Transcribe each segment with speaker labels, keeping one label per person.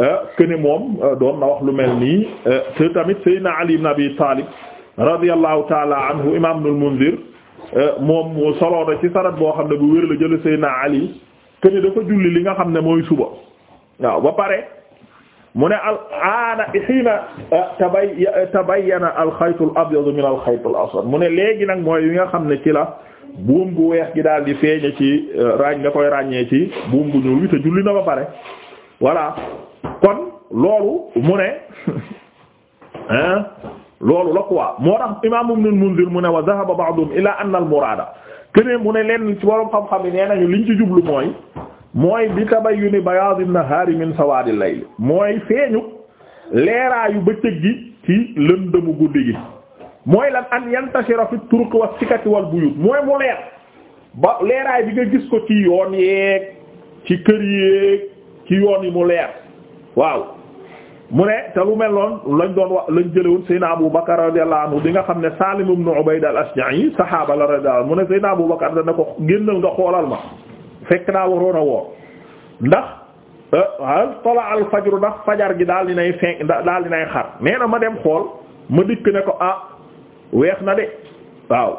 Speaker 1: këne euh, moom euh, doon na wax lu mel nii euh, te tamit Seydina Ali ibn Abi Talib radiyallahu taala anhu imaam Ibnul Munzir moom mu soloo na ci sarat boo xam ne bu wér la jël Seydina Ali këne dafa julli li nga xam ne mooy suba waaw ba pare mu ne al aana hiina tabay tabayyana al xaytu al abyad min al xayt al mu ne léegi nag mooy yi nga xam ne ci la buum bu weex gi daal di feeñe ci ràññ nga koy ràññee ci buum bu ñuul wi te julli na ba pare voilà kon loolu mu ne loolu la quoi moo tax imaam Ibnul Mundir mu ne wa dhahaba ba'duhum ila anna al-muraada keneen mu ne leen ci borom xam-xam yi nee nañu liñ ci jublu mooy mooy bi tabayyuni bayaadi nahaari min sawaadi layl mooy feeñu leeraayu bëccëg gi ci lëndëmu guddi gi mooy la an yantashira fi turuq wa sikati wal buyut mooy mu leer ba leeraay bi nga gis ko ci yoon yeeg ci kër yeeg ci yoon yi mu leer. waaw mu ne te lu mel noonu lañ doon wax lañ jëlewoon Seydina Abu Bakar radiyallahu anhu bi nga xam ne Salim ibn Ubayd al-Ashja'i saxaaba la radiyallahu mu ne Seydina Abu Bakar dana ko génnal nga xoolal ma fekk naa waroon a woor ndax euh, hal tola al fajru ndax fajar gi daal di nay fenk daal di nay xar nee na ma dem xool ma dikk ne ko ah weex na de waaw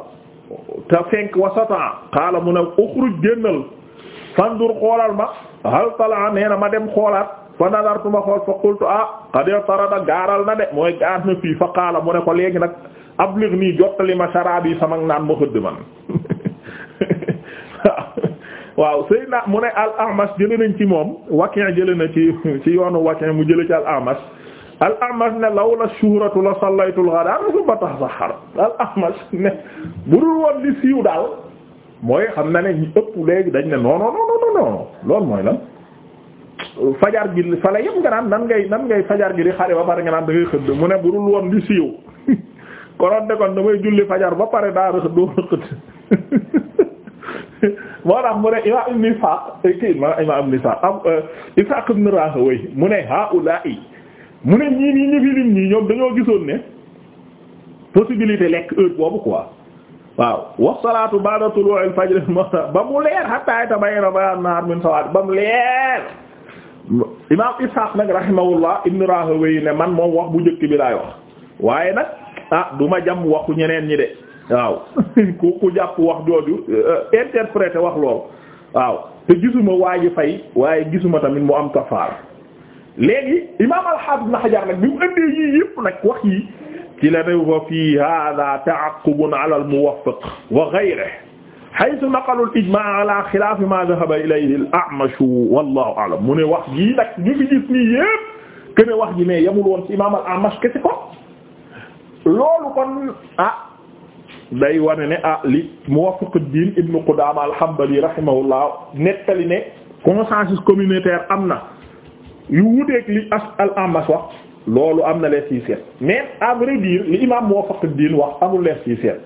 Speaker 1: te fenk wasata xaala mu ne uxruj génnal fandur xoolal ma hal tola nee na ma dem xoolaat fa nadartu ma xool fa qultu ah xadee tarada gaaral na de mooy gaar na fii fa qaala mu ne ko léegi nag ablig nii jottali ma sharaab yi sama naan ma xëdd man waaw Seydina mu ne al Amash jële nañ ci moom Waki' jële na ci yoonu Waki' mu jële ci al Amash al Amash ne lawla shuhratu la sallaytul ghadar thumma al Amash ne budul woon li siiw daal mooy xam ne ñu ëpp léegi dañ ne non non non mooy lan fajar gi fa la yëpp nga naan nan ngay nan fajar gi di xare ba pare nga naan xëdd mu ne bu dul woon di siiw konoon de kon damay julli fajar ba pare daa rëx doo rëqët moo tax mu ne imaam ibn Isaaq eh, am eh, Isaaq ibn Rahawayh mu ne haa'ulaa'i mu ne ñii nii ñu fi lim ñii ñoom dañoo gisoon ne possibilité lekk heure boobu quoi waaw ba mu naar min sawaad ba mu leer imaam Ishaq nag rahimahullah ibn Rahawayh ne man moom wax bu njëkk bi laay wax waaye nag ah du ma jàmm waxu ñeneen ñi de waaw ku ku jàpp wax jooju euh, interprété wax lool waaw te gisuma waaye gisuma tamit mu am kafaar léegi imaam al-Hafiz Ibn Hajar nag bi mu ëndee yii yëpp nag wax yi ci la ne wa fii hada ta'aqqubun ala al-muwaffiq haythu naqalul ijmaa ala xilaafi ma dhahaba ilayhi al-A'mash wallahu a'lam mu ne wax jii nag ñu fi gis nii yépp que ne wax ji mais yamul woon ci imaam al-A'mash kese ko loolu kon ah day wane ne ah li Muwafaquddin ibn Qudaama al-Hanbali rahimahullah nettali ne consensus communautaire am na yu wuteeg li as al-A'mash wax loolu am na lees yi seet mais à vrai dire li imaam Muwafaquddin wax amul lees yi seet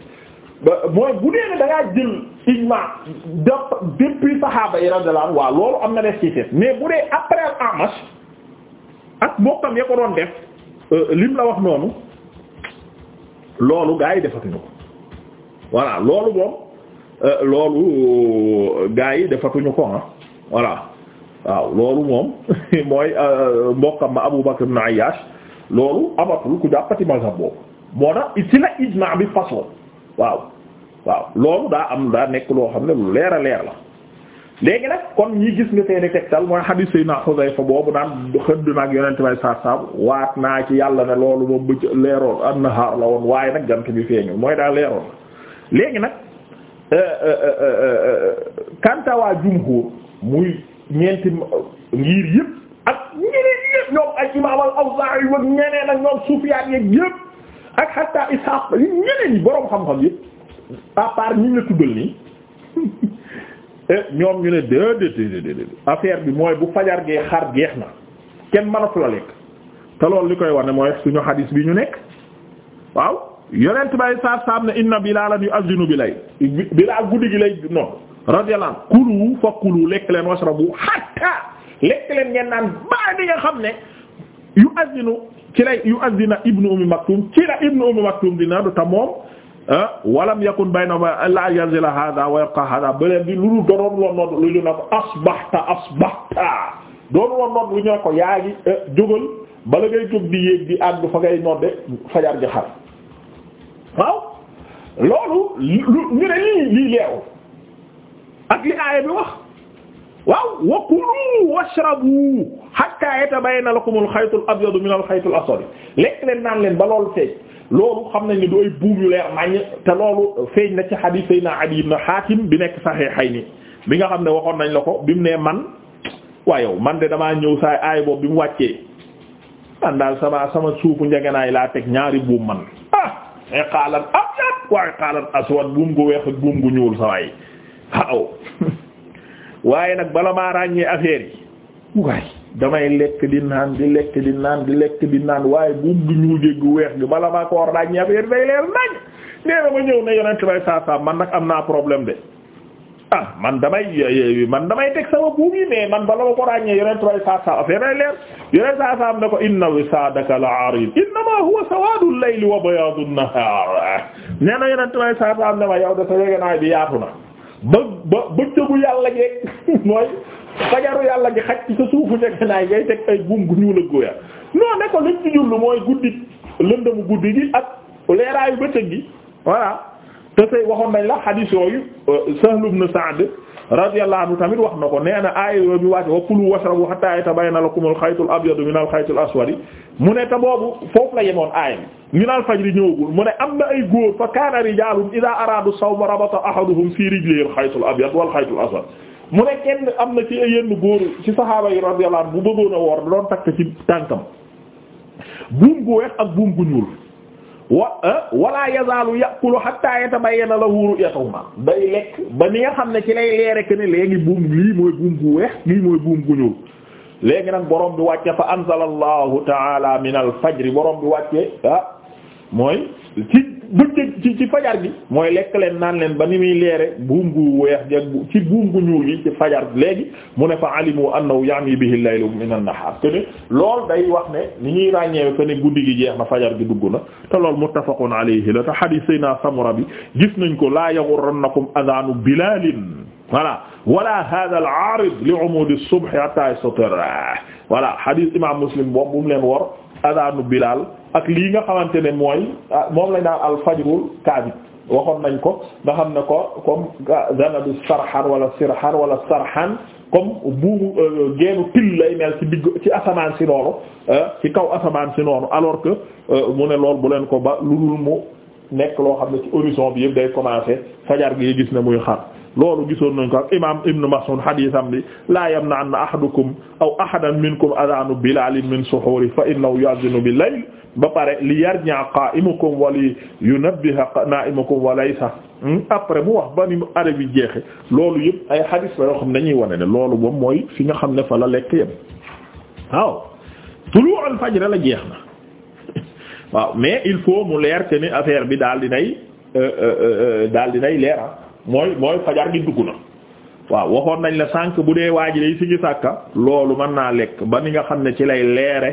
Speaker 1: mooy bu dee ne da ngaa jël ijma def depuis saxaaba yi radiyallahu loolu am na def ci seet mais bu dee après Amash ak mbokkam ya ko doon def euh, lim la wax noonu loolu gaa yi defatuñu ko voilà loolu moom euh, loolu euh, gaa yi defatuñu ko ah voilà waaw loolu moom mooy mbokkam ma Abu Bakr ibn Ayyash loolu amatul ku jàppati mazhab boobu moo tax ci la ijma bi façon waaw waaw loolu daa am daa nekk loo xam ne lu leer a leer la léegi nag kon ñi gis nga seeni tegtal mooy xadiis Seydina Xudayfa boobu naan xëdd nag yonent may saar saab waat naa ci yàlla ne loolu moom bëcc leeroon annahaar la woon waaye nag jant bi feeñu mooy daa leeroon léegi nag kantawaa euh, euh, euh, jumhur muy ñeenti ngir yëpp ak ñeneen yi boroom xam-xam yëpp à part ñi ñu la tuddal nii eh, ñoom ñu ne déedéet affaire bi mooy bu fajar gee xar geex na kenn mënatu la lekk te loolu li koy wane mooy suñu xadis bi ñu nekk waaw yonent bay saar saam ne inna bilaalan yu'adhdhinu bi lay bilaal guddi gi lay non radiyallahu kulu fa kulu lekk leen washrabu hatta lekk leen ngeen naan baa di nga xam ne yu'adhdhinu ci lay yu'adhdhina ibnu ummi maktum ci la ibnu ummi maktum dina du ta Ah walam yakun bayna ba wa yabqa hada baleen bi lulu doonoon lu ñu ne ko asbahta asbahta doonu loon nodd lu ñu ne ko yaa ngi eh, jógal bala ngay jóg di yéeg di àgg fa ngay nodde fajar gi xar waaw loolu lu ñu ne lii lii leew ak li aaya bi wax waaw wa kulu washrabu hatta yatabayyana lakumul xaytul abyadu minal xaytil aswad lekk leen naan leen ba loolu feeñ loolu xam nañ ni dooy buum yu leer naññ te loolu feeñ na ci xadiis Seydina Adi na Hatim bi nekk Sahihayni bi nga xam ne waxoon nañ la ko bi mu nee man waayow man de damaa ñëw saa aay boobu bi mu wàccee man daal sama sama suufu njegenaay laa teg ñaari buum man ah iqaalan abyad wa iqaalan aswad buum gu weex ak buum gu ñuul sa waaye nag bala maa ràññee affaire yi waay damay lekk di naan di lekk di naan di lekk di naan waaye buum gi ñuul gi weex gi bala maa ko war daañu affaire day leer nañ nee na ma ñëw ne yonent bay saa man nag am naa problème de. ah man damay man damay teg sama buum yi mais man bala ma ko ràññee yonent bay saa saa affaire leer yonent saa ne ko inna wisaadaka la arid innama huwa sawaadul layli wa bayaadun nahaar nee na yonent bay saa ne ma yow de sa yegenaay bi yaatu na ba ba bëccëgu yàlla fajaru yàlla gi xaj ci sa suufu njëgënaay ngay teg ay buum gu ñuul ak góoya non ne ko liñ ci jullu mooy guddi lëndëmu guddi gi ak leeraayu bëccëg gi voilà te say waxoon nañ la xadiis yooyu euh, Sahl ibn Sa'd radiyallahu anhu tamit wax na ko nee na aaya yooyu bi wàcc wa kulu washrabu hatta yatabayyana lakumul xaytul abyadu minal xaytil aswadi mu ne te boobu foofu la yemoon aaya bi minal fajri ñëwagul mu ne am na ay góor fa kaana rijaalun idaa araadu sawma rabata ahaduhum mu ne kenn am na ci yenn góor ci saxaaba yi radiyallahu bu bëggoon a woor doon takk ci tànkam buum gu weex ak buum gu ñuul wa ah, wala yazaalu yàqulu hatta yatabayyana lahu ru'yatuhuma day lekk ba ni nga xam ne ci lay leere que ne léegi buum lii mooy buum gu weex lii mooy buum gu ñuul léegi nag borom bi wàcce fa anzala allahu taala min al fajri borom bi wàcce ah, mooy ci bëccëg ci ci fajar gi mooy lekk leen naan leen ba ni muy leere buum gu weex jeeg ci buum gu ñuul gi ci fajar léegi mu ne fa alimu annahu ya'mi bihi al-laylu min a nahar te ne loolu day wax ne ni ñuy ràññeewe que ne guddi gi jeex na fajar gi dugg na te loolu muttafaqun alayhi la te hadith sayna samura bi gis nañ ko la yaghurrannakum adhanu bilalin voilà wala hadha al-arid li umud as-subh hatta yastatra voilà hadith imam muslim boobu mu leen wor adhanu bilal ak lii nga xamante ne mooy ah, moom lañ naan alfajrul kaadib waxoon nañ ko nga xam ne ko comme ah, zanadu sarxan wala sirxan wala sarxan comme buumu euh, geenu til lay mel ci digg ci asamaan si noonu ah, ci kaw asamaan si noonu alors que euh, mu ne lool bu leen ko ba lu dul mu nekk loo xam ne ci horizon bi yëpp day commencer fajar gi gis na muy xar loolu gisoon nañ ko ak imam ibnu Mas'ud hadisam bi la yamna anna ahadukum aw ahadan minkum adanu bilalin min suhuri fa innahu yu'adhinu ba pare li yarja qa'imukum wa li yunabbiha na'imukum wa laysa hmm, après mu arab yi jeexe loolu yëpp ay hadis la yoo xam ne dañuy wane ne loolu moom mooy fi nga xam ne fa la lekk yëpp waaw tulu al fajr la jeex waaw mais il faut mu leer que ni affaire bi daal di nay euh, euh, euh, daal di nay leer ah. mooy mooy fajar gi dugg na waaw waxoon nañ la sànq bu dee waa ji day sigi sàkka loolu mën naa lekk ba ni nga xam ne ci lay leere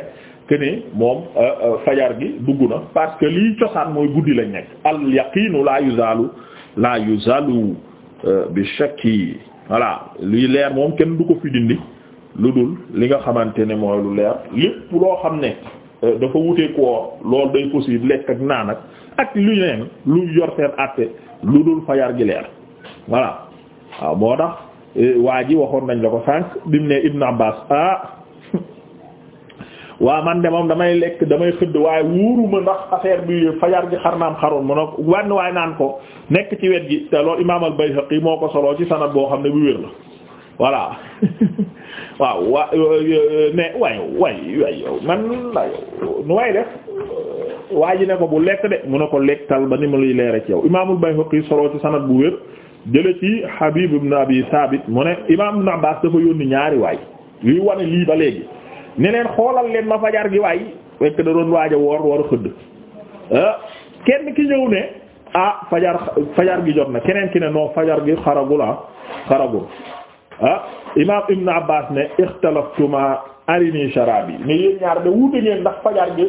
Speaker 1: que ni moom euh, euh, fajar gi dugg na parce que liy cosaan mooy guddi lañ nekk al yaqiinu laa yuzaalu laa yuzaalu euh, bi yi voilà luy leer moom kenn du ko fi dindi lu dul li nga xamante ne mooy lu leer lépp loo xam ne dafa wute ko loolu day possible lekk ak naan ak ak lu neen lu yor àtte lu dul fajar gi leer voilà waaw moo tax eh, waa ji waxoon nañ la ko sànq bi mu ne Ibn Abbas ah waa man de moom damay lekk damay xëdd waaye wóoruma ndax affaire bi fajar gi xar naam xaroon mu ne waaye naan ko nekk ci wet gi te loolu imaam al-Bayhaqi moo ko soloo ci sanad boo xam ne bu wér la waaw waa ne waay waay waay man nu way def waa ji ne ko bu lekk de mu ne ko lekkal ba ni mu luy leere ci yow imaamul Bayhaqi soloo ci sanad bu wér jële ci Habib ibn Abi Sabit mu ne Imaam Ibn Abbas dafa yónni ñaari waay yuy wane lii ba léegi ni leen xoolal leen ma fajar gi waay fekk da doon waaj a woor war a xëdd ah, kenn ki ñëw ne ah fajar fajar gi jot na keneen ki ne noo fajar gi xaragul ah xaragul ah Imaam Ibn Abbas ne ixtalaftuma arini sharabi mais yéen ñaar da wuute ngeen ndax fajar gi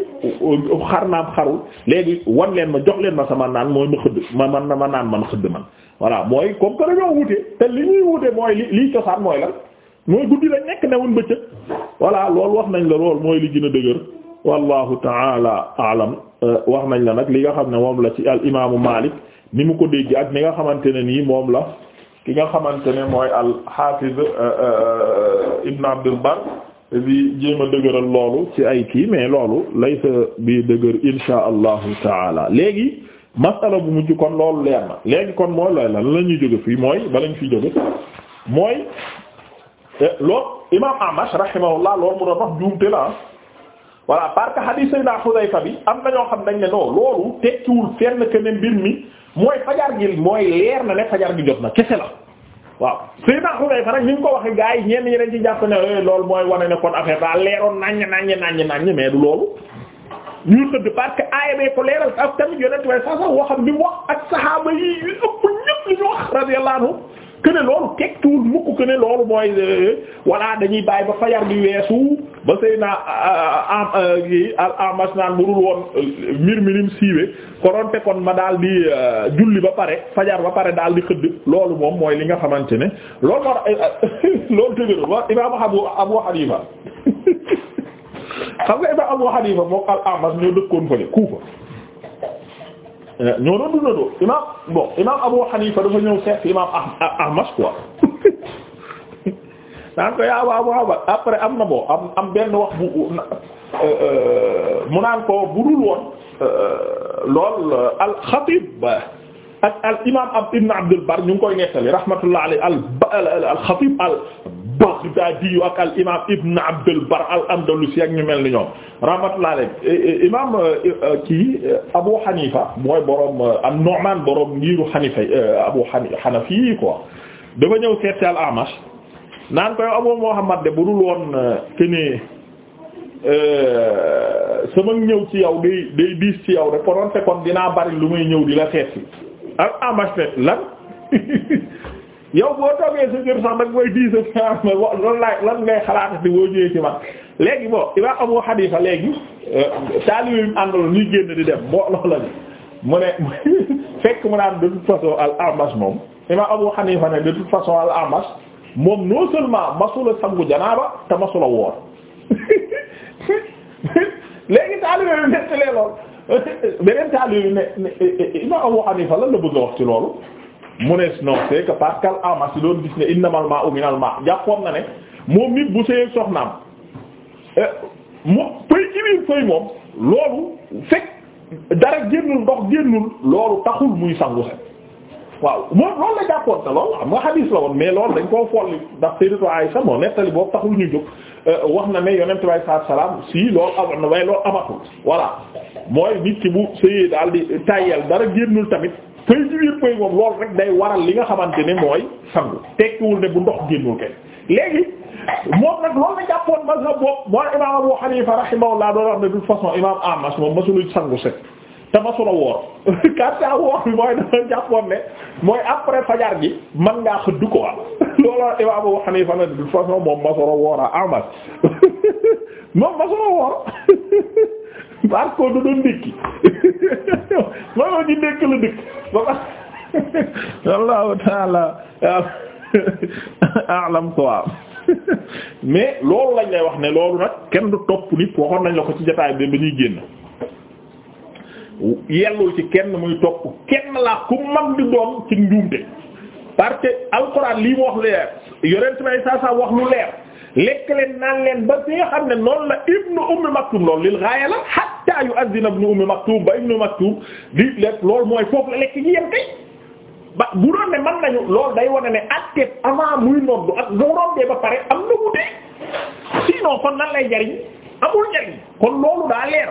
Speaker 1: xar naam xarul léegi wan leen ma jox leen ma sama naan mooy ma xëdd ma man ma naan man xëdd man voilà mooy comme que dañoo lii cosaan mooy lan mooy guddi lañ nekk loolu wax nañ la lool mooy li gën a dëgër wallahu taala alam euh, wax nañ la nag li nga xam ne moom la ci al imaamu Malik ni mu ko dégg ak ni nga xamante ne nii moom la ki nga xamante ne mooy al hafiz euh, euh, ibn Abdul Bar bi jéem a dëgëral loolu ci ay kii mais loolu laysa bi dëgër insha allahu taala léegi masala bu mujj kon loolu leer na léegi kon mooy lay lan la ñuy jóge fii mooy balañ fi jóge mooy eh, loolu imam Amash rahimahullah loolu mu doon wax juumte la voilà parce que hadith sayna Hudayfa bi am na ñoo xam nañ ne non loolu tekkiwul fenn que mbir mi mooy fajar gi mooy leer na ne fajar gi jot na kese la waaw Seydina Xudayfa nag ni ñu ko waxee gars yi ñenn ñi dañ ci jàpp ne eh, loolu mooy wane ne kon affaire daa leeroon naññ naññ naññ naññ mais du loolu ñu tëdd parce que aaya bee ko leeral ak tamit yonent way sa sax waxam bi mu wax ak saxaaba yi yu ëpp ñëpp ñu wax radiyallahu anhu que ne loolu tekkiwul mukk que ne loolu mooy euh, voilà dañuy bàyyi ba fajar bi weesu ba sëy naa euh, am euh, al amas naan bu dul woon mbir mi nim siiwee konoon te kon ma daal di julli ba pare fajar ba pare daal di xëdd loolu moom mooy li nga xamante ne loolu war loolu dëgg la imaam Abu Abu Hanifa xam nga imaam Abu Hanifa moom al amas ñoo dëkkoon fële Kufa ñoo eh, doon dundandoo imaam bon imaam Abu Hanifa dafa ñëw seet imaam ah, ah, Ahmad quoi naan ko yaa am na boo am am benn wax bu eh, eh, mu naan ko bu dul al Xatib ak al imaam Ibn Abdul Bar ñu koy nettali rahmatullah alayhi al Xatib Baghdadi ak al imaam Ibn Abdul Bar al Andalusi ak ñu mel ni ñoom rahmatullahi alayhi eh, eh, imaam eh, kii Abu Hanifa mooy borom an-Nu'man borom ngiru Hanifa Abu Hanafi yi quoi dafa ñëw seet si al-Amash naan koy Abu Muhammad de budul woon que sama ñëw ci yow day day diis ci yow rek konoon fekkoon dinaa bari lu may ñëw dina la seet al-Amash rek lan. yow boo toogee sa kër sax nag mooy diis ak loolu laay lan ngay xalaatati boo ñëwee ci man léegi bon Ibrahima Abu Hanifa léegi euh, taalibe yi mu àndaloon ñuy génn di dem boo la mu ne fekk mu naan de toute façon al amas moom Ibrahima Abu Hanifa ne de toute façon al amas moom non seulement masula sangu janaaba te masula woor léegi taalibe mu nekk lool beneen taalibe yi ne Ibrahima Abu Hanifa lan la bëgg a wax ci loolu. mu ne non c'est que parce que al-A'mash si doon gis ne innamal maa'u minal maa' jàppoon na ne moom nit bu sëy soxnaam eh, mu pëy ci biir pëy moom loolu fekk dara génnul ndox génnul loolu taxul muy sangu set waaw moom loolu la jàppoon te loolu xam xadiis la woon mais loolu dañ koo folli ndax Sayyidatu Aysa moo nettali boobu taxul ñu jóg eh, wax na ne yonent bi salaam si loolu amoon na waaye loolu amatul voilà mooy nit ki bu sëyee daal di tayal dara génnul tamit sëy ci biir loolu rek day waral li nga xamante ne mooy sangu tekkiwul ne bu ndox génnul kenn léegi moom nag loolu la jàppoon mazhab boobu mooy imaam Abu Hanifa rahimahullah doon wax ne de toute façon sangu set te masula woor karta woor mooy dafa jàppoon ne mooy après fajar gi man ngaa xëdd ko wa loolu imaam Abu Hanifa ne de façon moom masula woor a Ahmad moom masula woor parce que du doon ndékki looloo ci la dëkk ba wallahu taala a'lam quoi mais loolu lañ lay wax ne loolu nag kenn du topp nit waxoon nañ la ko ci jotaay bi ba ñuy génn yellul ci kenn muy topp kenn laa ku mag di doon ci njuumte parce alxuraan lii mu wax leer yonent may saa wax lu leer lekk leen naan leen ba fi nga xam ne noonu la ibnu ummi maktum loolu lil gaaya la hatta yu'adhdhina ibnu ummi maktum ba ibnu maktum di lekk loolu mooy foofu la lekk gi yem kay ba bu doon ne mën nañu loolu day wane ne acte avant muy noddu ak bu noddee ba pare am na wute sinon kon nan lay jariñ amul jariñ kon loolu daa leer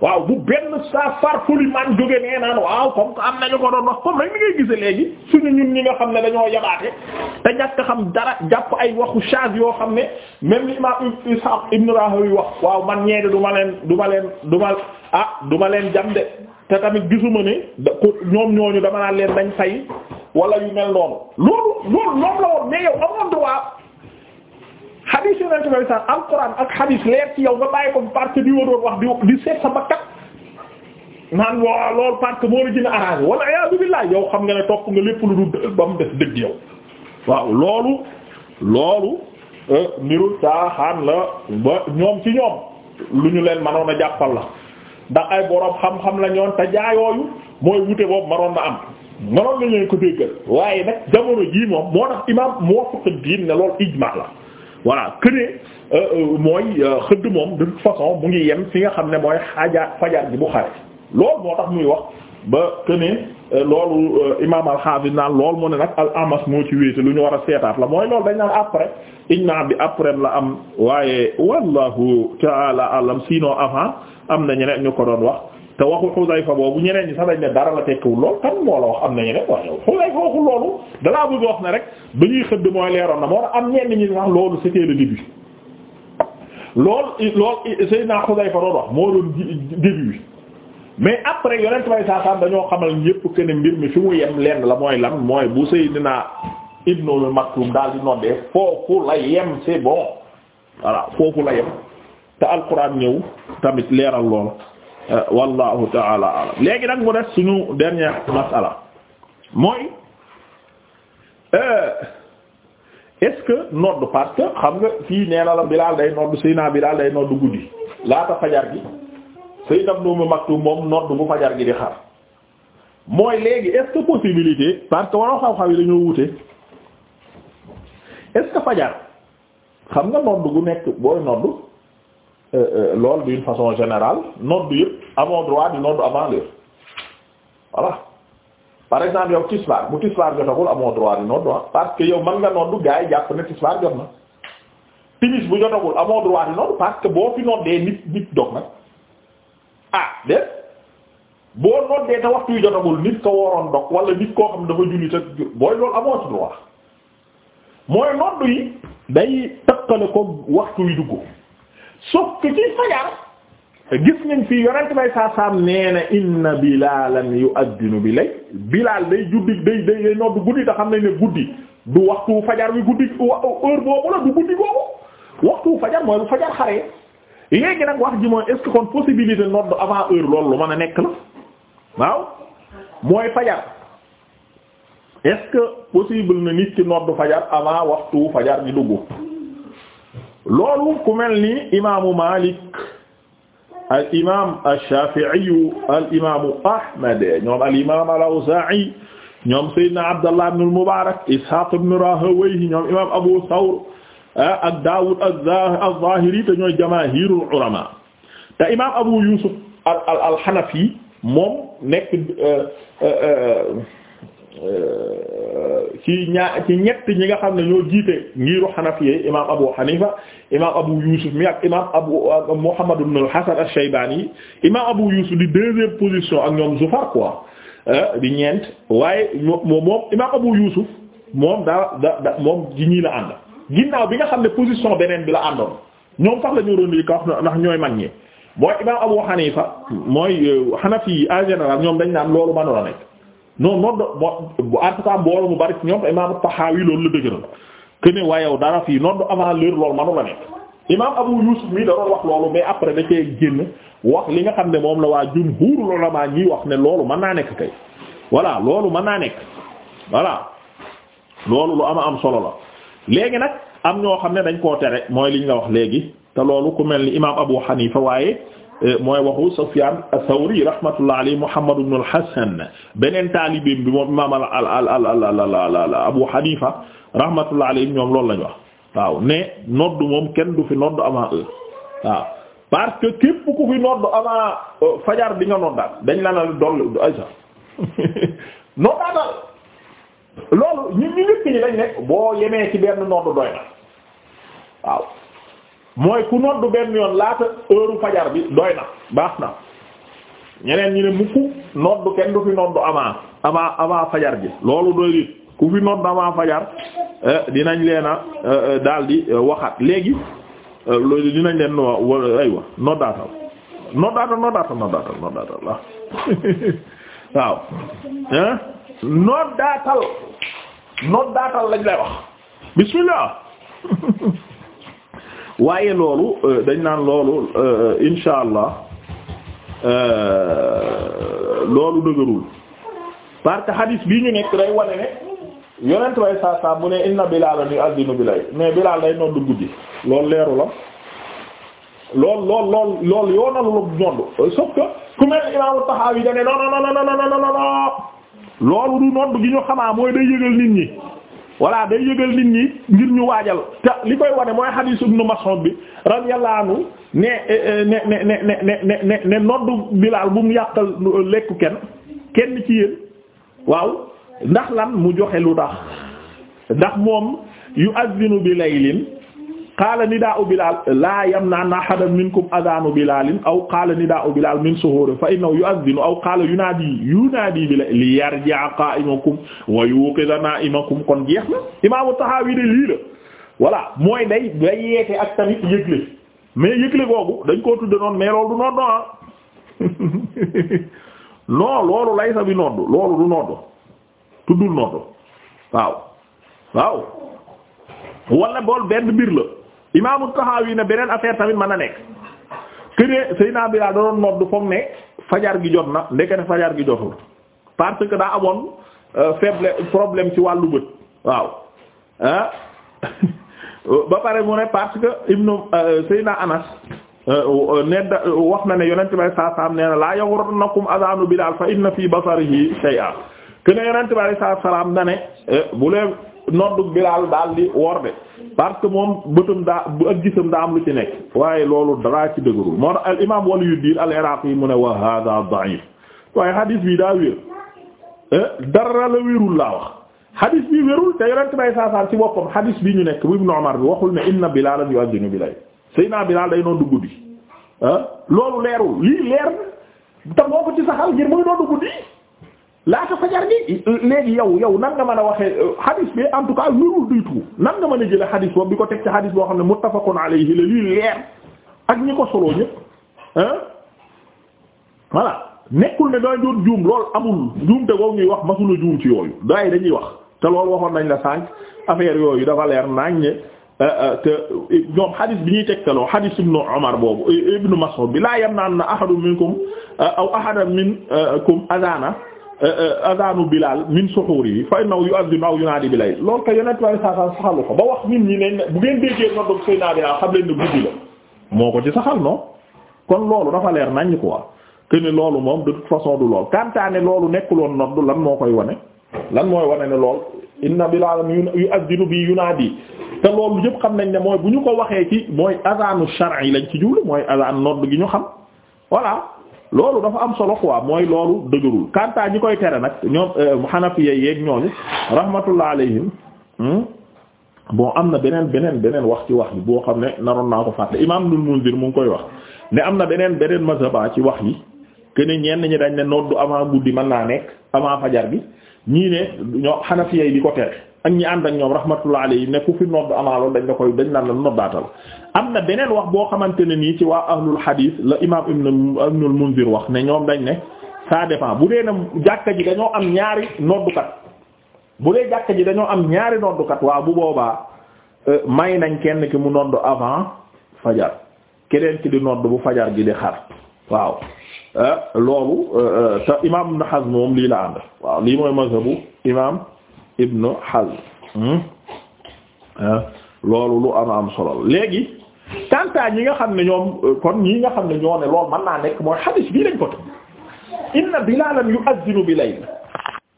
Speaker 1: waaw bu benn sa farfuli man jóge nee naan waaw comme que am nañu ko doon wax comme rek ni ngay gise léegi suñu ñun ñi nga xam ne dañoo yabaate te ñàkk xam dara jàpp ay waxu charge yoo xam ne même li imam Ishaq ibn Rahowi wax waaw man ñeede du ma leen du ma leen du ma ah duma ma leen jam de te tamit gisuma ne da ko ñoom ñooñu dama naan leen nañ fay wala yu mel noonu loolu loolu ñoom la woon mais yow amoon droit xadiis yonent bi sallallahu alayhi wasallam alquran ak xadiis leer ci yow nga bàyyi ko parce que di waroon wax di di seet sa bakkat naan waa loolu parce que moo la gën a arrangé wala a'uuzu billaah yow xam nga ne topp nga lépp lu du ba mu des dëgg yow waaw loolu loolu mbiru euh, caaxaan la ba ñoom ci ñoom lu ñu leen manoon a jàppal la ndax ay boroom xam-xam la ñoon te jaayooyu mooy wute boobu manoon na am manoon na leen ko déggal waaye nag jamono jii moom moo tax imaam muwaffaqud la voilà que ne euh, euh, mooy euh, xëdd moom de toute façon mu ngi yem fi nga xam ne mooy xaaja fajar ji bu xare loolu moo tax muy wax ba que ne loolu imaam al naan lool mu ne nag al-Amas moo ci wéete lu ñu war a seetaat la mooy lool dañ naan après ijmaa bi après la am waaye wallahu ta'ala alam sinon avant am na ñeneen ñu ko doon wax. te waxu Xudayfa boobu ñeneen ñi sax dañ ne dara la tekkiwul lool kan moo la wax am na ñeneen loolu dalaa bëgg wax ne rek ba ñuy xëdd mooy na moo tax am ñenn ñi sax loolu c'était le début. loolu loolu Seydina Xudayfa doon wax moo doon début bi mais après yonent bay saasaam dañoo xamal ñépp que mbir mi fi mu yem lenn la mooy lan mooy bu Seydina Ibnu Maktum daal di noddee foofu la yem c'est bon voilà foofu la yem te alquran ñëw tamit leeral loolu. Euh, wallahu taala alam léegi nag mu def suñu dernier masala mooy euh, est-ce que nodd parce xam nga fii nee na la Bilaal day nodd Seydina Bilaal day nodd guddi laata fajar gi Seydina Ibnu umm Maktum moom nodd bu fajar gi di xar mooy léegi est-ce que possibilité parce que waroo xaw-xaw yi dañoo wute est fajar xam nga nodd gu nekk booy nodd Euh, euh, lool d'une façon général nodd yëpp amoo droit di nodd avant l'heure voilà par exemple yow tisbaar bu tisbaar jotagul amoo droit di nodd ah. parce que yow mën nga nodd gaa yi jàpp ne tisbaar jot na timis bu jotagul amoo droit di nodd parce que boo fi noddee nit nit dog nag ah dé boo noddee te waxtu yu jotagul nit ko waroon dog wala nit koo xam dafa julli te booy loolu amoo ci droit mooy nodd yi day tëkkale ko waxtu yu dugg sauf que ci fajar gis nañ fii yonent bay saa saam nee na inna bilalan bi lay bilal day juddi day day noddu guddi te xam nañ ne guddi du waxtu fajar wi guddi heure boobu la du guddi boobu waxtu fajar mooy bu fajar xaree léegi nag wax ji mooy est kon possibilité nodd avant heure loolu mën a nekk la waaw mooy fajar est-ce que possible na nit ki nodd fajar avant waxtu fajar di dugg loolu ku mel ni imaamu Malik al imaam ash-Shafi'i al imaamu Ahmad ñoom al imaam al-Awza'i ñoom Seydina Abdallah ibn al-Mubarak Ishaq ibn Rahawayh ñoom imaam Abu Thawr ah, ak Dawud az-Zahiri te ñooy jamaahirul ulama te imaam Abu Yusuf al al al-Hanafi moom nekk. Eh, eh, eh, Euh, ci ñaa ci ñett ñi nga xam ne ñoo jiite ngiru xanafiyee imaam Abu Hanifa imaam Abu Yusuf mi ak imaam Abu Muhammad ibn al-Hasan yi shaybani imaam Abu Yusuf di deuxième position ak ñoom Zufar quoi euh, di ñeent waaye moom moom imaam Abu Yusuf moom daa da da moom ji ñii la ànd ginnaaw bi nga xam ne position beneen bi la àndoon ñoom sax la ñu waroon wax ndax ñooy mag ñi mooy imaam Abu Hanifa mooy xanafi euh, yi en général ñoom dañ naan loolu mënul a nekk. non nodd moo en tout cas mbooloo mu bari ci ñoom imam Tahawi loolu la dëgëral que ne waaye dara fii nodd avant l'heure loolu manu la nekk imam Abu Yusuf mii da doon wax loolu mais après da cee génn wax li nga xam ne moom la waa jumhuurul ulamaa ñiy wax ne loolu man naa nekk kay voilà loolu mën naa nekk voilà loolu lu ama am solo la léegi nag am ñoo xam ne dañ koo tere mooy liñ la wax léegi te loolu ku mel ni imam Abu Hanifa waaye Euh, mooy waxu Sufyaan ath-Thawri rahmatullah alayhi Muhammad ibn al-Hasan beneen taalibeem bi moom imaam al al al Abu Hanifa rahmatullah alayhi ñoom loolu lañu wax waaw ne nodd moom kenn du fi nodd avant heure waaw parce que képp ku fi nodd avant euh, fajar bi nga noddaat dañ la la doll du ay sax noddaatal loolu ñun ñu njëkk ñi lañ nekk boo yemee ci benn nodd doy na waaw mooy ku noddu benn yoon laata heure fajar bi doy na baax na ñeneen ñi ne mukk noddu kenn du fi noddu avant avant avant fajar bi loolu doy rit ku fi noddu avant fajar eh, dinañ leen a eh, eh, daldi waxaat léegi loolu dinañ leen wa aywa noddaatal noddaatal noddaatal noddaatal waaw waaw noddaatal noddaatal lañ lay wax bismillah waaye loolu euh, dañ naan loolu euh, insha allah euh, loolu dëgërul parce que hadith bii ñu nekk day wane ne yonent way saa saa bu ne inna Bilaal yu'adhinu bilay mais Bilaal day noddu guddi loolu leeru la lool lool lool lool yoonalu la ñodd sauf que ku mel imaamu Taxaawi da ne loolu du noddu gi ñu xamaa mooy day yëgal nit ñi voilà day yëgal nit ñi ngir ñu waajal te li koy wane mooy hadith ibn Mas'ud bi radiyallahu e, e, ne ne ne ne ne ne ne Bilaal bu mu yàqal euh, lekku kenn kenn ci yéen waaw ndax lan mu joxe lu tax ndax moom yu azinu bi laylin qaala nidaa'u Bilaal laa yamna'anna ahadan minkum adhaanu Bilaalin aw qaala nidaa'u Bilaal min suhuurihi fa innahu yu'adhdhinu aw qaala yunaadii yunaadii li yarji'a qaa'imakum wa yuuqidha naa'imakum kon jeex na Imaamu Tahaawi de lii la voilà mooy day day yeete ak tamit yëgle mais yëgle googu dañ koo tudde noonu mais loolu du nodd ah non loolu laysa bi nodd loolu du nodd tuddul nodd waaw waaw wala bool benn mbir la imaamu Tahawi ne beneen affaire tamit mën na nekk këne Seydina Bilaal da doon nodd foog ne fajar gi jot na ndekete fajar gi jotul parce que daa amoon euh, faible problème ci wàllu bët waaw ah ba pare mu ne parce que ibnu euh, Seydina Anas euh, nedda wax na ne yonent bi saa salaam nee na laa yaghurrannakum adhaanu Bilaal fa inna fi basarihi shay'a këne yonent bi saa salaam na ne bu leen noddu Bilaal daal di wor de parce que moom bëtam daa bu ak gisam daa am lu ci nekk waaye loolu daraa ci dëgërul moo tax al imam Waliyuddin al Iraqi mu ne wa waaye hadis bi daa wér eh, dara la wérul laa wax hadis bi wérul te yonent bay saasaan ci boppam hadis bi ñu nekk bu Ibn Umar bi waxul ne inna bi yu'adhinu bilay Seydina Bilal day noon du guddi ah loolu leerul lii leer te moo ko ci saxal ngir muy noon du guddi laata fajar gi léegi yow yow nan nga mën a waxee hadis bi en tout cas wérul du tout nan nga mën a jëlee hadis boobu bi ko teg ci hadis boo xam ne muttafaqun alayhi la lii leer ak ñi ko soloo ñëpp ah nekkul ne dooy doon juum loolu amul juum te boobu ñuy wax masula juum ci yooyu daay dañuy wax te loolu waxoon nañ la sànq affaire yooyu dafa leer naañ ne euh, euh, te ñoom hadis bi ñuy tegtaloo hadis ibnu Umar boobu ibnu Mas'ud bi laa yamna'anna ahadun minkum euh, aw ahadan minkum adana Euh, euh, adanu Bilal min suxuuri fa innahu yu'adhdhinu aw yunaadi bi layl loolu kay yonent waaye saa saa saxalu ko ba wax nit ñi ne bu ngeen déggee noddug Seydina Bilaal xam leen ne guddi la moo ko ci saxal non kon loolu dafa leer naññ quoi que ne loolu moom de toute façon du lool kantaane loolu nekkuloon noddu lan moo koy wane lan mooy wane ne lool inna Bilaal yu'adhdhinu bi yunaadi te loolu yëpp xam nañ ne mooy bu ñu ko waxee ci mooy adanu shar'i lañ ci jublu mooy adan nodd gi ñu xam voilà loolu dafa am solo quoi mooy loolu dëgërul kanta ñi koy tere nag ñoom xanafiya euh, yeeg ñooñu rahmatullah alayhim hmm? bon am na beneen beneen beneen wax ci wax bi boo xam ne naroon naa ko fàtte imam nul munzir mu ngi koy wax ne am na beneen beneen mazhaba ci wax yi que ne ñenn ñi dañ ne noddu avant guddi mën naa nekk avant fajar bi ñii ne ñoo xanafiya yi di ko tere ak ñi ànd ak ñoom rahmatullah alayhi ne ku fi noddu avant loolu dañ la koy dañ la noddaatal am na beneen wax boo xamante ne nii ci waa ahlul hadith la imaam ibnul munzir wax ne ñoom dañ ne ça dépend bu dee na jàkka ji dañoo am ñaari noddukat bu dee jàkka ji dañoo am ñaari noddukat waaw bu boobaa euh, may nañ kenn ki mu nodd avant fajar keneen ki di nodd bu fajar gi di xar waaw euh, loolu euh, te imaam ibnu hazm moom lii la ànd waaw lii mooy mazhabu imaam ibnu hazm hmm, loolu lu am am solo léegi kanta ñi nga xam ne ñoom euh, kon ñi nga xam ne ñoo ne loolu mën naa nekk mooy hadis bii lañ ko te inna yu yu'adhdhinu bi layl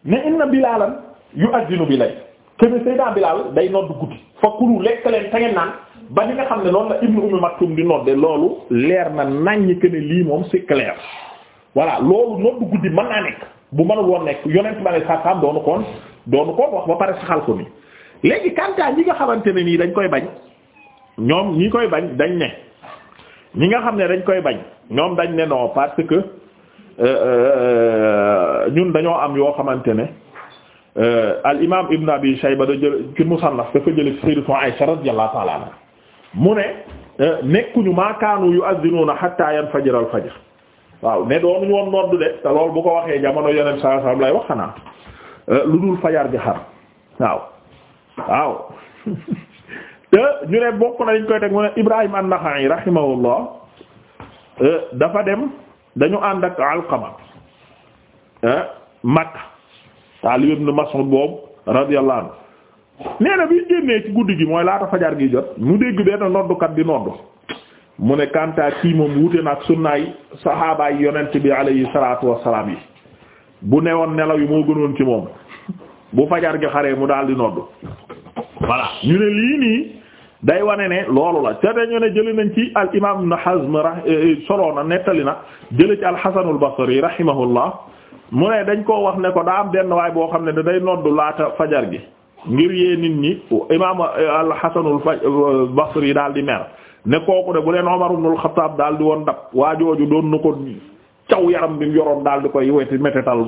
Speaker 1: ne inna bilalan yu'adhdhinu bi layl kene sayda bilal day nodd guddi fa kulu lekk leen ta ngeen naan ba li nga xam ne loolu la ibnu ummi maktum di nodde loolu leer na naññ kene lii moom c'est clair voilà loolu nodd guddi mën naa nekk bu mënul woon nekk yonent bale sa sam doonu koon doonu koon wax ba pare saxal ko ni léegi kanta nga xamante ne nii dañ koy bañ ñoom ñi koy bañ dañ ne ñi nga xam ne dañ koy bañ ñoom dañ ne non parce que euh, euh, ñun dañoo am yoo xamante ne euh, al imaam Ibn Abi Shayba da jël ci Musannaf dafa jël ci Sayyidatu Aisha radiyallahu ta'ala anha mu ne nekkuñu maa yu yu'adhdhinuna hatta yanfajira al-fajr waaw ne doonuñu woon noddu de te loolu bu ko waxee jamono yeneen sallallahu alayhi wasallam wax xanaa lu dul fajar bi xar waaw waaw. te ñu ne bokk na dañ koy teg mu ne Ibrahim an-Naxa'i rahimahullah eh, dafa dem dañu ànd ak Alqama eh, Makka taalibe Ibn Mas'ud boobu radiyallahu anhu nee na bi génnee ci guddi gi mooy laata fajar gi jot mu dégg benn noddukat di noddu mu ne Kantaa kii moom wuute na ak sunnaay saxaabaay yonent bi alayhi salaatu wassalaam yi bu newoon nelaw yi moo gënoon ci moom bu fajar gi xare mu daal di noddu voilà ñu ne lii nii. day wane ne loolu la te dañu ne jëli nañ ci al imaam ibn Hazm eh, eh, solo na nettali na jëli ci al Hasan al Basri rahimahullah mu ne dañ koo wax ne ko daa am benn waay boo xam ne da day noddu laata fajar gi ngir yee nit ñi imaam eh, al Hasan al Basri daal di mer ne kooku de bu leen Umar ibn al Khattab daal di woon dab waa jooju doon nu ko caw yaram bi mu yoroon daal di koy weti metetal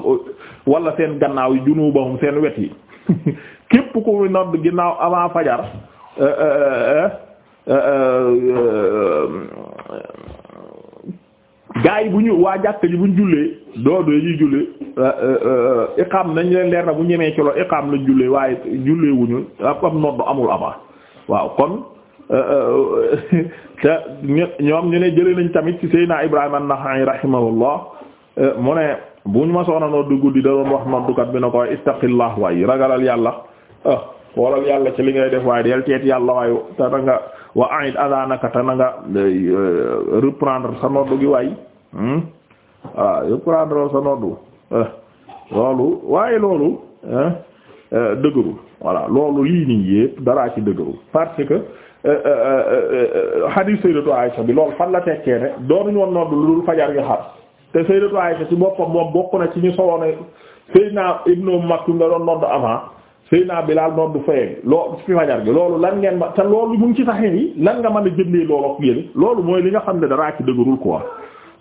Speaker 1: wala seen gannaaw yi junubahum seen wet yi képp ku nodd ginnaaw avant fajar. Euh, euh, euh, gaa yi bu ñu waa jàkk ji bu jullee doodo yi jullee iqaam nañ leen leer na bu ñemee ci loolu iqaam jullee waaye jullee wuñu ab ab nodd amul avant waaw kon te ñoom ñu ne jëlee nañ tamit ci Seydina Ibrahima an-Nakhai rahimahullah mu ne bu ñu ma soxna nodd guddi da wax noddukat bi na koy ittaqillah waaye ragalal yàlla xoolal yàlla ci li ngay def waaye del teet yàlla waaye te na nga wa a'id adhanaka te na euh, reprendre sa noddu gi waay voilà hmm? ah, reprendre sa noddu eh, loolu waaye loolu eh, eh, dëgërul voilà loolu lii nii yépp daraa ci dëgërul parce que euh, euh, hadith sayyidatu Aisha bi loolu fan la tekkee ne doonuñu woon noddu lu dul fajar gi xar te sayyidatu Aisha ci boppam moom bokk na ci ñu soloona Seydina Ibnu Maktum da doon noddu avant Seyna Bilal noonu du fayee loo fi loolu lan ngeen ma te loolu mu ngi ci saxee yi lan nga mën a jëndee loolu ak yéen loolu mooy li nga xam ne daraa ci dëgërul quoi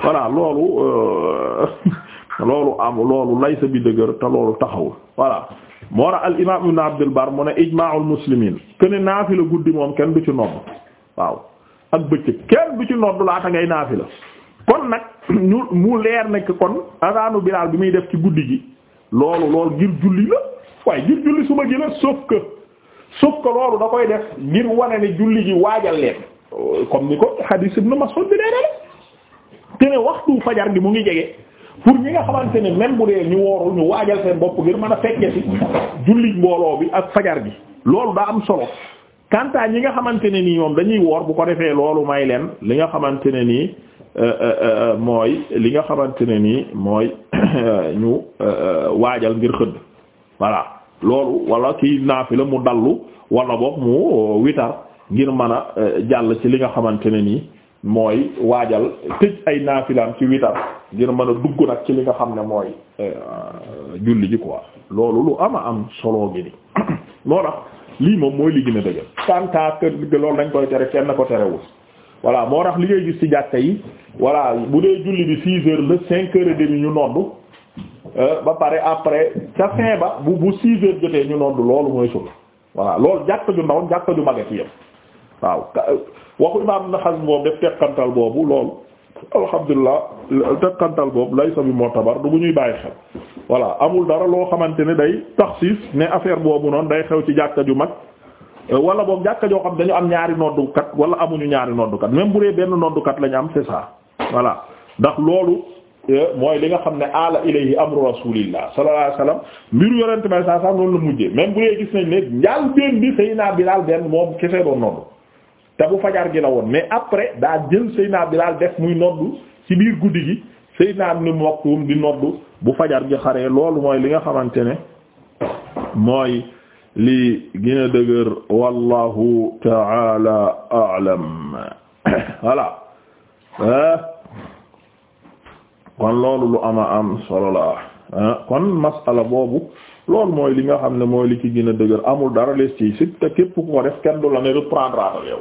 Speaker 1: voilà loolu euh, loolu am loolu laysa bi dëgër te loolu taxawul voilà. moo tax al imaam ibn Abdul Bar mu ne ijmaa'ul muslimiin kenn naafila guddi moom kenn du ci nodd waaw ak bëccëg kenn du ci nodd laata ngay naafila kon nag ñu mu leer nekk kon adaanu Bilal bi muy def ci guddi gi loolu loolu ngir julli waaye ngir julli suba gi la sauf que sauf que loolu da koy def ngir wane ne julli gi waajal leen comme ni ko hadith Ibn Mas'ud bi dee te ne waxtu fajar gi mu ngi jege pour ñi nga xamante ne même bu dee ñu woorul ñu waajal seen bopp ngir mën a fekke ci julli mbooloo bi ak fajar gi loolu daa am solo kanta ñi nga xamante ne nii moom dañuy woor bu ko defee loolu may leen li nga xamante ne nii euh, euh, euh, mooy li nga xamante ne nii mooy ñu waajal ngir xëdd voilà loolu wala kii naafila mu dallu walla boog mu witar ngir mën a euh, jàll ci li nga xamante ne nii mooy waajal tëj ay naafilaam ci witar ngir mën a dugg nag ci li nga xam ne mooy euh, julli ji ko quoi loolu lu ama am solo gi ni moo tax lii moom mooy li gën a dëgër kanta kër loolu dañ koy tere kenn ko terewul voilà moo tax li gis ci jàkka yi voilà bu dee julli bi six heures la cinq heures et demi ñu noddu Euh, ba pare après ca fin ba bu bu six heures jotee ñu nodd loolu mooy sunna voilà loolu jàkka ju ndaw jàkka ju mag a ci yem waaw euh, waxu imaam Ibn Hazm boobu def teqantal boobu loolu alhamdulilah teqantal boobu laysa bi mu'tabar du bu ñuy bàyyi xel voilà amul dara loo xamante ne day tax taxsiis ne affaire boobu noon day xew ci jàkka ju mag euh, wala boobu jàkka joo xam dañu am ñaari noddukat wala amuñu ñaari noddukat même bu dee benn noddukat lañu am c'est ça voilà ndax mooy li nga xam ne ala ilayhi amru rasulillah sallallahu alayhi wasallam mbiru yonente may saa sax la mujjee même bu dee gis nañ ne njaal benn bi Seydina Bilaal benn moom kese doon noddu te bu fajar gi la woon mais après daa jël Seydina Bilaal def muy noddu ci biir guddi gi naa Seydina Ibn Maktum di noddu bu fajar gi xaree loolu mooy li nga xamante ne mooy li gën a dëgër wallahu ta'ala a'lam voilà kon loolu lu ama am solo la ah, kon masala boobu loolu mooy li nga xam ne mooy li ci gën a dëgër amul dara les ci si te képp ku ko def kenn du la ne reprendre atal yow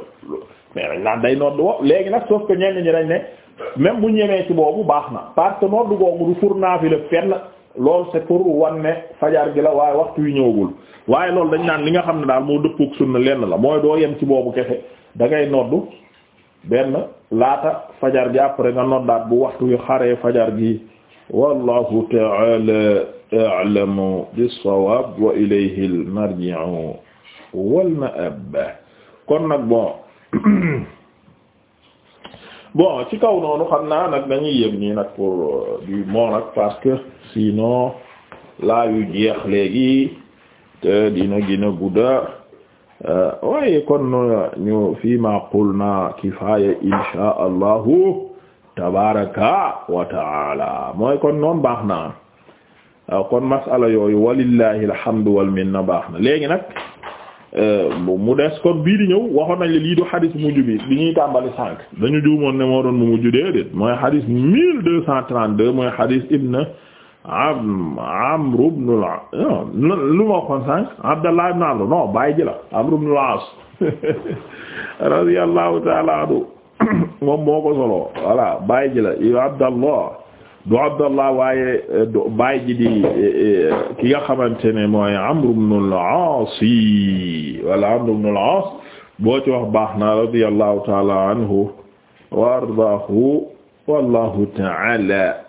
Speaker 1: mais dañ naan day nodd wo léegi nag sauf que ñenn ñi dañ ne même bu ñemee ci boobu baax na parce que nodd googu du fur naafi la fenn loolu c'est pour wan ne fajar gi la waaye waxtu yu ñëwagul waaye loolu dañ naan li nga xam ne daal moo dëppook sunna lenn la mooy doo yem ci boobu kese da ngay nodd benn laata fajar gi après nga noddaat bu waxtu wi xaree fajar gi wallahu ta'ala a'lamu bis-sawab wa ilayhi al-marji'u wal ma'ab kon nag bon bon ci kaw noonu xam naa nag dañuy yëm nii nag pour euh, du moo nag parce que sinon laa yu jeex léegi te dina gën gudda Euh, waaye kon ñu fi ma qulna kifaya insha allahu tabaraka wa mooy kon noon baax naa euh, kon masala yooyu walillahi alhamdu wal minna baax na léegi nag euh, mu des kon biir di ñëw waxoon nañ le lii du xadis mu bi di ñuy tàmbali sànq dañu juumoon ne moo doon mu mujj déedéet mooy xadis 1232 mooy xadis ibn am Amr ibn al lu ma waxoon sànq Abdallah ibn Amr non bàyyi ji la Amr ibn al-As radiyallahu ta'ala anhu moom moo ko solo voilà bàyyi ji la yow Abdallah du Abdallah waaye eh, bàyyi ji di eh, eh, ki nga xamante ne mooy Amr ibn al-As wala Amr ibn al-As boo ci wax baax na radiyallahu ta'ala anhu wa ardaahu wallahu ta'ala